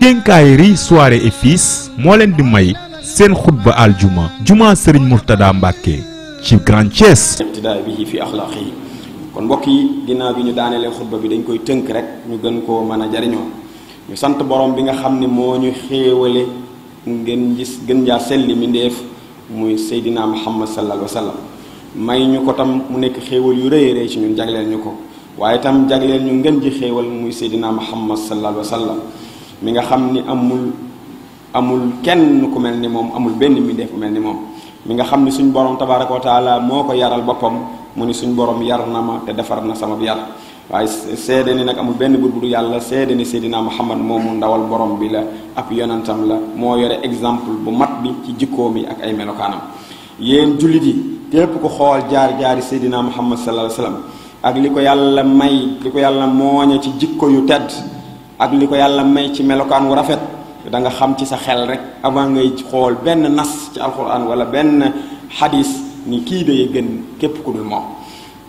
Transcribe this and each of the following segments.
dénkaay ri soirée et fils moo leen di may seen xutba aljuma juma sëriñ Murtada Mbàkke ci Grand Thiès imtidaay fi axlaaqi kon mbokk yi ginnaaw bi ñu daaneele xutba bi dañ koy tënk rek ñu gën koo mën a jariñoo ñu sant borom bi nga xam ne moo ñu xéewale ngeen gis gën jaa selli mi muy Seydina Muhammad sallallahu alayhi wa sallam may ñu ko tam mu nekk xéewal yu rëy rëy ci ñun jagleel ñu ko waaye tam jagleel ñu ngeen ji xéewal muy Seydina Muhammad sallallahu alayhi wa mi nga xam ni amul amul kenn ku mel ni moom amul benn mbindeef ku mel ni moom mi nga xam ni suñ borom tabaraka wa moo ko yaral boppam mu ni suñ borom yar na ma te defar na sama yar waaye seede ni nag amul benn bur bu du yàlla seede ni seydina muhammad moomu ndawal borom bi la ab yonentam la moo yore exemple bu mat bi ci jikkoom yi ak ay melokaanam yéen jullit yi képp ku xool jaar-jaari seydina muhammad sallallahu alayhi wa sallam ak li ko yàlla may li ci jikko yu tedd ak li ko yàlla may ci melokaan wu rafet danga xam ci sa xel rek avant ngay xool benn nas ci alquran wala benn xadis ni kii de gën képp ku dul moom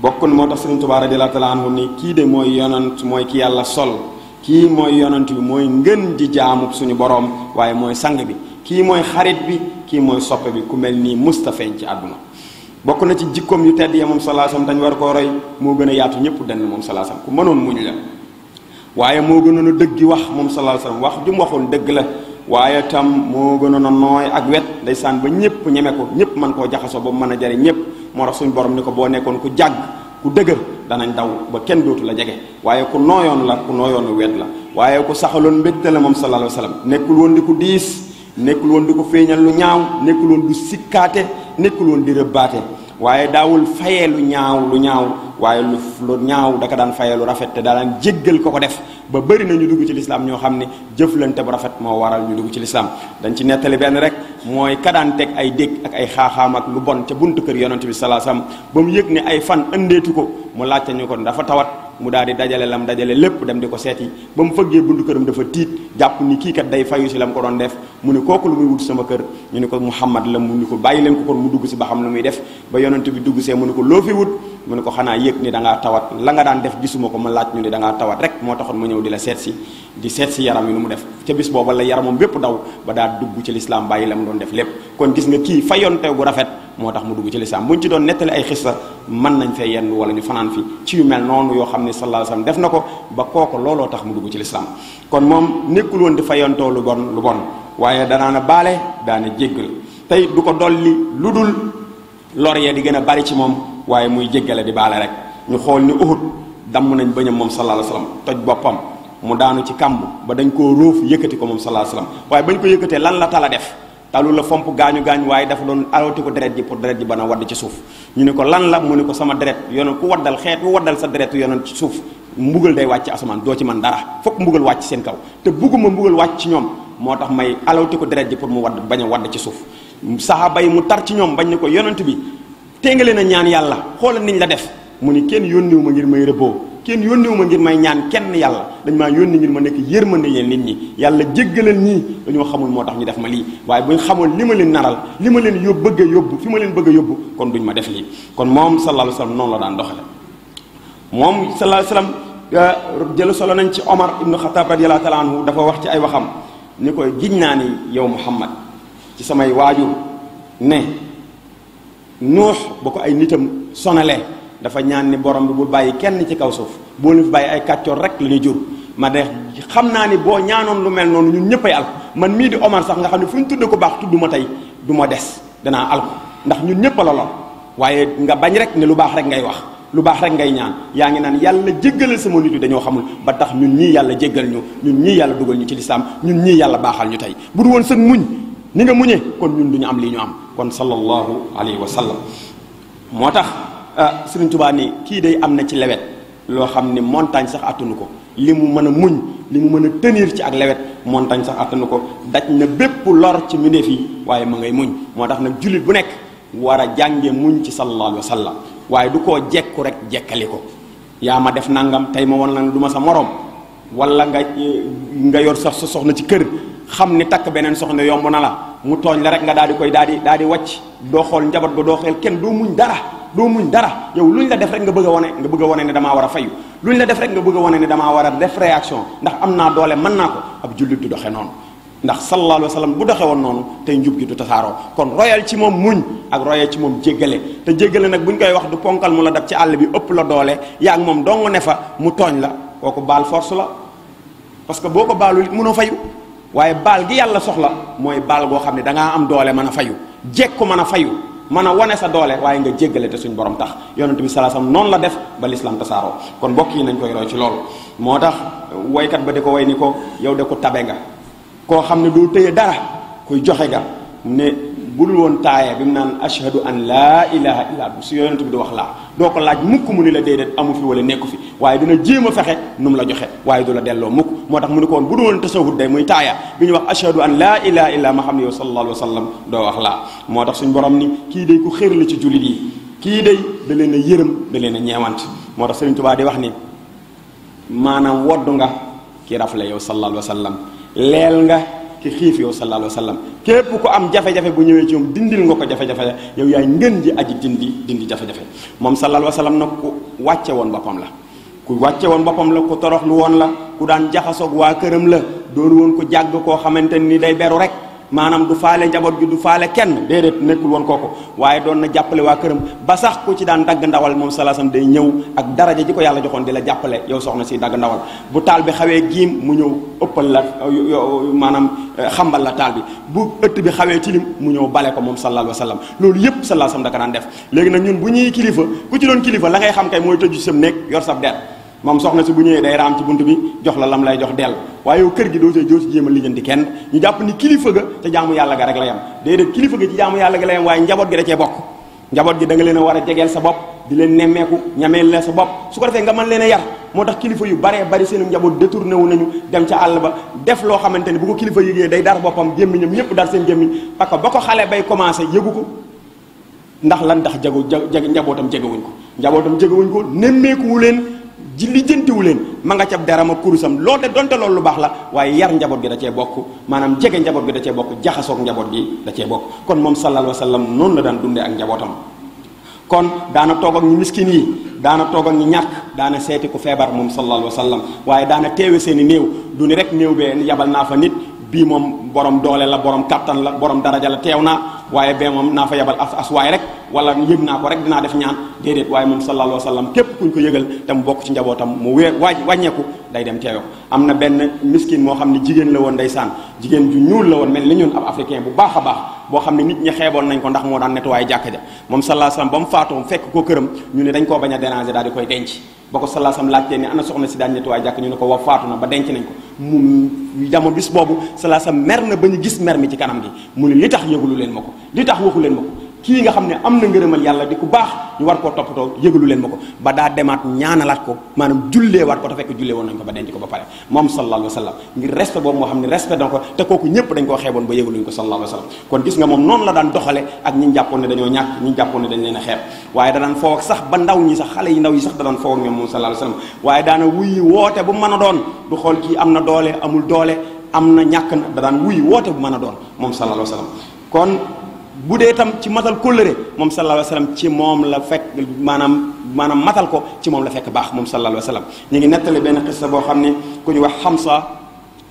bokk na moo tax Sëriñ di radiyallaahu taala anhu ni kii de mooy yonant mooy ki yàlla sol kii mooy yonant bi mooy ngën ji jaamu suñu boroom waaye mooy sang bi kii mooy xarit bi kii mooy soppe bi ku mel nii mustafeen ci àdduna bokk na ci jikkoom yu tedd ya moom salaa dañ war koo roy moo gën a yaatu ñëpp denn moom salaa sam ku mënoon muñ la waaye moo gënoon a gi wax moom sallallahu alayhi wax ju waxoon dëgg la waaye tam moo gënoon a nooy ak wet ndeysaan ba ñëpp ñeme ko ñëpp mën koo jaxasoo ba mu mën a jare ñëpp moo tax suñu borom ni ko boo nekkoon ku jàgg ku dëgër danañ daw ba kenn dootu la jege waaye ku nooyoon la ku nooyoonu wet la waaye ko saxaloon mbégte la moom sallallahu alayhi wasallam nekkul woon di ku diis nekkul woon di ko féeñal lu ñaaw nekkul woon du sikkaate nekkul woon di rëbbaate waaye daawul fayee lu ñaaw lu ñaaw waaye lu ñaaw daka daan fayee lu rafet te daan jéggal ko ko def ba bëri na ñu dugg ci lislaam ñoo xam ne jëflante bu rafet moo waral ñu dugg ci lislaam dañ ci nettali benn rek mooy ka daan teg ay dégg ak ay xaaxaam ak lu bon ca buntu kër yonent bi salaa salaam ba mu yëg ne ay fan ëndeetu ko mu laajte ñu ko dafa tawat mu daal di dajale lam dajale lépp dem di ko seeti ba mu fëggee buntu këram dafa tiit jàpp ni kii kat day fayu si lam ko doon def mu ne kooku lu muy wut sama kër ñu ni ko muhammad la mu ni ko bàyyi leen ko kon mu dugg si baxam xam lu muy def ba yonent bi dugg see mu ko loo fi wut mu ne ko xanaa yëg ni da tawat la nga daan def gisuma ko ma laaj ñu ni da ngaa tawat rek moo taxoon ma ñëw di la seet di seet yaram yi nu mu def ca bis booba la yaramam bépp daw ba daa dugg ci lislaam bàyyi la mu doon def lépp kon gis nga kii fayonte gu rafet moo tax mu dugg ci lislaam buñ ci doon nettali ay xissa mën nañ fee yenn wala ñu fanaan mu nekkul woon di fayontoo lu bon lu bon waaye danaa na baale daana jéggal tey du ko dolli lu dul lor ya di gën a bari ci moom waaye muy jéggale di baale rek ñu xool ni uhud damm nañ bëñam moom sallallahu alayhi wasallam toj boppam mu daanu ci kàmb ba dañ koo róof yëkkati ko moom sallallahu alayhi wasallam waaye bañ ko yëkkatee lan la tala def talu la fomp gaañu gaañu waaye dafa doon arooti ko deret ji pour deret ji bana wadd ci suuf ñu ne ko lan la mu ne ko sama deret yonen ku waddal xeet ku waddal sa deretu yonen ci suuf mbugal day wàcc asamaan doo ci man dara fokk mbugal wàcc seen kaw te bugguma mbugal wàcc ci ñoom moo tax may alawti ko deret pour mu wadd bañ wadd ci suuf saxaaba yi mu tar ci ñoom bañ ne ko yonent bi téngale na ñaan yàlla xoolal niñ la def mu ni kenn yónniwu ma ngir may rëbboo kenn yónniwu ma ngir may ñaan kenn yàlla dañ maa yónni ngir ma nekk yërmande leen nit ñi yàlla jéggalal ñii dañoo xamul moo tax ñu def ma lii waaye buñ xamoon li ma leen naral li ma leen yób bëgg a yóbbu fi ma leen bëgg a yóbbu kon duñ ma def lii kon moom sallallahu alayhi wasallam noonu la daan doxale moom sallallahu alayhi wasallam euh, jëlu solo nañ ci Omar ibnu Xataab radiyallahu taala anhu dafa wax ci ay waxam ni koy giñ naa ni yow Muhammad ci samay waju ne nuh boko ko ay nitam sonale dafa ñaan ni borom bi bul bàyyi kenn ci kaw suuf bo ay katchor rek lañu jur ma de xamna ni bo ñaanon lu mel non ñun ñeppay al man mi di omar sax nga xamni fuñ tudde ko bax tudd tay duma dess dana al ndax ñun ñepp la lo waye nga bañ rek ne lu bax rek ngay wax lu bax rek ngay ñaan yaa ngi naan yàlla sama nitu dañu xamul ba tax ñun ñi yalla jéggal ñu ñun ñi yalla duggal ñu ci l'islam ñun ñi yalla baxal ñu tay bu du muñ ni nga muñee kon ñun du ñu am lii ñu am kon sallallahu alayhi wa sallam moo tax ah, Sëriñ Tuubaa ni kii day am na ci lewet loo xam ne montagne sax attanu ko li mu mën a muñ li mu mën a tenir ci ak lewet montagne sax attanu ko daj na bépp lor ci mbindeef yi waaye ma ngay muñ moo tax nag jullit bu nekk war a jànge muñ ci sallallahu alayhi wa sallam waaye du ko jekku rek jekkali ko yaa ma def nangam tey ma wan la du ma sa moroom wala nga eh, nga yor sax sa soxna ci kër xam ni takk beneen soxna yomb na la mu togn la rek nga daal koy daal di wacc do xol njabot xool do xel ken do muñ dara do muñ dara yow luñ la def rek nga bëgg woné nga bëgg woné ni dama wara fayu luñ la def rek nga bëgg woné ni dama wara def réaction ndax amna doole man nako ab jullit du doxé non ndax sallallahu alaihi wasallam bu won non, tay njub gi du tassaro kon royal ci mom muñ ak royal ci mom jéggale te jéggale nak buñ koy wax du ponkal mu la dab ci all bi ëpp la doole yaag mom dong nefa mu togn la bal force la parce que boko balul mëno fayu waaye baal gi yàlla soxla mooy baal goo xam ne dangaa am doole mën a fayu jekku mën a fayu mën a wane sa doole waaye nga jéggale te suñ borom tax yonent bi salaasam noonu la def ba lislaam tasaaroo kon mbokk yi nañ koy roy ci loolu moo tax woykat ba di ko woy ni ko yow de ko tabe nga koo xam ne doo tëye dara kuy joxe nga ne bul won woon taaya bi mu ashhadu an la ilaha illa allah su yonentou bi di wax la do ko laaj mukk mu ni la dedet amu fi wala nekku fi waye dina jema fexe num la joxe waye dula la mukk motax tax mu ni ko won bu dul woon tasawud day muy taaya biñ wax ashhadu an la ilaha illa muhammadu sallallahu alaihi wasallam do wax la motax suñ borom ni ki day ko xér la ci julit yi ki day da leen a yërëm da leen a ñeewant moo tax di wax ni manam woddu nga ki raf yow sallallahu alaihi wasallam sallam leel nga ki xiif yow sallallahu alayhi wa sallam képp ko am jafe-jafe bu ñëwee ci moom dindil nga ko jafe-jafe yow yaay ngën ji aji dindi dindi jafe-jafe moom sallallahu alayhi wa sallam nag ku wàcce woon boppam la ku wàcce woon boppam la ku toroxlu woon la ku daan jaxasoog waa këram la doon woon ko jàgg koo xamante ni day beru rek maanaam du faale njaboot gi du faale kenn déedéet nekkul woon kooku waaye doon na jàppale waa këram ba sax ku ci daan dagg ndawal moom salaasam day ñëw ak daraja ji ko yàlla joxoon di la jàppale yow soxna si dagg ndawal bu taal bi xawee giim mu ñëw ëppal la maanaam eh, xambal la taal bi bu ëtt bi xawee tilim mu ñëw bale ko moom sallallahu alayhi wa loolu yépp salaasam da ko daan def léegi nag ñun bu ñuy kilifa ku ci doon kilifa la ngay xam kay mooy tëju sam néeg yor sab der mom soxna ci bu ñëwee day ram ci buntu bi jox la lam lay jox del. waaye kër gi do see jox jema lijeenti kenn ñu japp ni kilifa ga ca jaamu yalla ga rek la yam dede kilifa ga ci jaamu yalla ga la yam njabot gi da cee bok njabot gi da nga leena wara jégel sa bop di leen nemmeeku ñameel la sa bop su ko defee nga man leena yar motax kilifa yu bare bare seenu njabot détourné wu nañu dem ci Allah ba def lo xamanteni bu ko kilifa yëgee day dar boppam ñam ñepp dar seen gémmiñ parce que ba ko bay commencé yëgu ko ndax lan ndax jago njabootam jegewuñ ko jago jegewuñ ko nemmeeku wu leen ji lijjantiwu leen ma nga cab dara ma kurusam loonte donte loolu lu baax la waaye yar njaboot gi da cee bokk maanaam jege njaboot bi da cee bokk jaxasoog njaboot gi da cee bokk kon moom sallallahu alayhi noonu la daan dunde ak njabootam kon daana toog ak ñu miskin yi daana toog ak ñu ñàkk daana seeti ku feebar moom sallallahu alayhi wa sallam waaye daana teewe seen i néew du ni rek néew bee yabal naa fa nit bii moom borom doole la borom kàttan la borom daraja la teew naa waaye bee moom naa fa yabal as as waay rek wala yëg naa ko rek dinaa def ñaan déedéet waaye moom sallallahu alayhi wa sallam képp ko yëgal te mu bokk ci njabootam mu wee waaj wàññeeku day dem teewe am na benn miskin moo xam ne jigéen la woon saan jigéen ju ñuul la woon mel ni ñun ab africain bu baax a baax boo xam ne nit ñi xeeboon nañ ko ndax moo daan nettoyé jàkka ja moom sallallahu alayhi wasallam ba mu faatoo fekk ko këram ñu ne dañ koo bañ a déranger daal di koy denc ba ko sallallahu alayhi wasallam laajtee ne ana soxna si daan nettoyé jàkk ñu ne ko wa faatu na ba denc nañ ko mu jamono bis boobu sallallahu alayhi wasallam mer na ba ñu gis mer mi ci kanam gi mu ne li tax yëgulu leen ma ko li tax waxu leen ma ko kii nga xam ne am na ngërëmal yàlla di ku baax ñu war koo toppatoo yëgalu leen ma ko ba daa demaat ñaanalaat ko maanaam jullee waat ko te fekk jullee woon nañ ko ba denc ko ba pare moom sallallahu alayhi wa sallam ngir respect boobu moo xam ne respect na ko te kooku ñëpp dañ koo xeeboon ba yëgaluñ ko sallallahu alayhi wa sallam moom noonu la daan doxale ak a sax ba ndaw ñi sax xale yi ndaw yi sax da daan foow ak ñoom moom sallallahu waaye daana wuyi woote bu mën a doon du xool kii am na doole amul doole am na ñàkk na da daan wuyi woote bu man a doon moom sallallahu alayhi wa sallam kon bu dee tam ci matal kóllëre moom sallallahu alayhi wa sallam ci moom la fekk maanaam maanaam matal ko ci moom la fekk baax moom sallallahu alayhi wa sallam ñu ngi nettali benn xissa boo xam ni ku ñu wax xam Hamza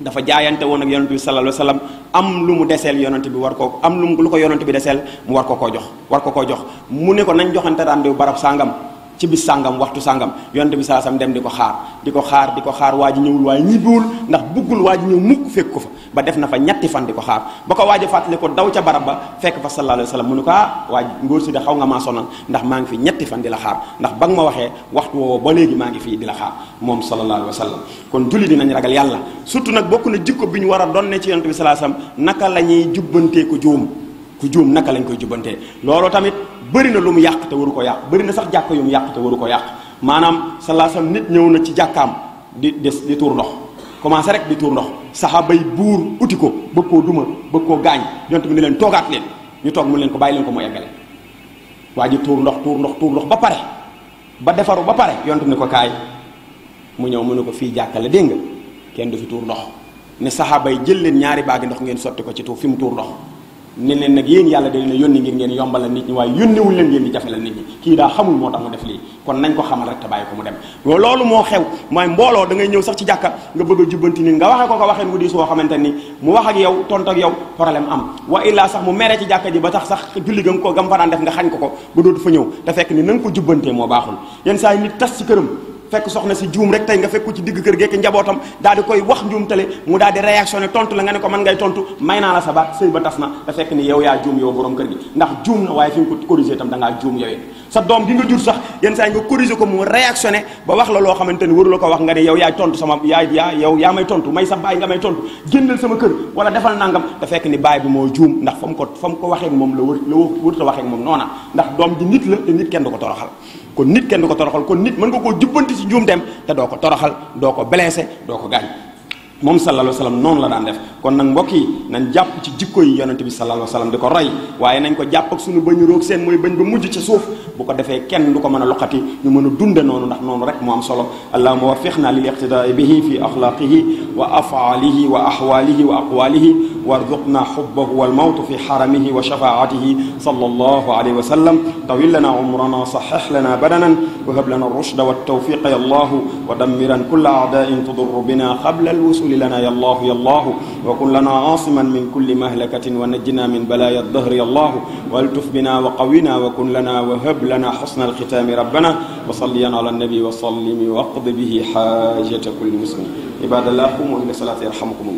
dafa jaayante woon ak yonent bi sallallahu alayhi wa sallam am lu mu deseel yonent bi war koo am lu mu lu ko yonent bi deseel mu war ko ko jox war ko koo jox mu ne ko nañ joxante rendez-vous barab sàngam ci biir sàngam waxtu sàngam yonte bi saa sam dem di ko xaar di ko xaar di ko xaar waa ji ñëwul waaye ñibbiwul ndax buggul waa ji ñëw mukk fekk ko fa ba def na fa ñetti fan di ko xaar ba ko waaj a fàttali ko daw ca barab ba fekk fa sallallahu alayhi wa sallam mu ne ko ah waa ngóor si de xaw nga maa sonal ndax maa ngi fi ñetti fan di la xaar ndax ba nga ma waxee waxtu woowo ba léegi maa ngi fii di la xaar moom sallallahu alayhi wa sallam kon julli dinañ ragal yàlla surtout nag bokk na jikko bi ñu war a doon ne ci yonte bi saa sam naka la ñuy jubbantee ko ku juum naka lañ koy jubantee looloo tamit bëri na lu mu yàq te waru ko yàq bëri na sax jàkka yu mu yàq te waru ko yàq maanaam salaasam nit ñëw na ci jàkkaam di des di tuur ndox commencé rek di tuur ndox saxaaba yi buur uti ko bëgg koo duma bëgg koo gaañ yonent bi ne leen toogaat leen ñu toog mun leen ko bàyyi leen ko mu eggale waa ji tuur ndox tuur ndox tuur ndox ba pare ba defaru ba pare yonent bi ne ko kaay mu ñëw mu ne ko fii jàkkale dégg nga kenn du fi tuur ndox ne saxaaba yi jël leen ñaari baagi ndox ngeen sotti ko ci tuur fi mu tuur ndox ne leen nag yéen yàlla da leen a yónni ngir ngeen yombalal nit ñi waaye yónniwul leen ngeen di jafelal nit ñi kii daa xamul moo tax mu def lii kon nañ ko xamal rek te bàyyi ko mu dem loolu mooy mbooloo da ngay ñëw sax ci jàkka nga bëgg a jubbanti nit nga waxee ko ko waxee wu diis woo xamante ni mu wax ak yow tontu ak yow problème am wa illaa sax mu mere ci jàkka ji ba tax sax julli gam ko gam fa daan def nga xañ ko ko ba dootu fa ñëw te fekk ni na nga ko jubbantee moo baaxul yenn saa nit tas ci këram fekk soxna si juum rek tey nga fekku ci digg kër gekk njabootam daal di koy wax njuum tale mu daa di ne tontu la nga ne ko mën ngay tontu may naa la sa baat sëy ba tas na te fekk ni yow yaa juum yow borom kër gi ndax juum na waaye fi nga ko corrigé itam da juum yowee sa doom gi nga jur sax yenn saa yi nga corriger ko mu réactionné ba wax la loo xamante ni waru la ko wax nga ne yow yaay tontu sama yaay yaa yow yaa may tontu may sa bàyyi nga may tontu génnal sama kër wala defal nangam te fekk ni bàyyi bi moo juum ndax fa mu ko fa mu ko waxee ak moom la wër la waxee moom noona ndax doom ji nit la nit kenn du ko toroxal kon nit kenn du ko toroxal kon nit mën nga koo jubbanti ci juum dem te doo ko toroxal doo ko blessé doo ko gaañ moom sallallahu alayhi wa sallam noonu la daan def kon nag mbokk yi nañ jàpp ci jikko yi yonante bi sallallahu alayhi wa sallam di ko roy waaye nañ ko jàpp ak suñu bañu roog seen mooy bañ ba mujj ci suuf bu ko defee kenn du ko mën a loqati ñu mën a dunde noonu ndax noonu rek mu am solo allahuma wafiqna lil iqtidaai bihi fi axlaqihi wa afaalihi wa axwaalihi wa aqwaalihi وارزقنا حبه والموت في حرمه وشفاعته صلى الله عليه وسلم طويل لنا عمرنا صحح لنا بدنا وهب لنا الرشد والتوفيق يا الله ودمرا كل أعداء تضر بنا قبل الوصول لنا يا الله يا الله وكن لنا عاصما من كل مهلكة ونجنا من بلايا الدهر يا الله والتف بنا وقونا وكن لنا وهب لنا حسن الختام ربنا وصليا على النبي وسلم واقض به حاجة كل مسلم عباد الله قوموا إلى صلاة يرحمكم الله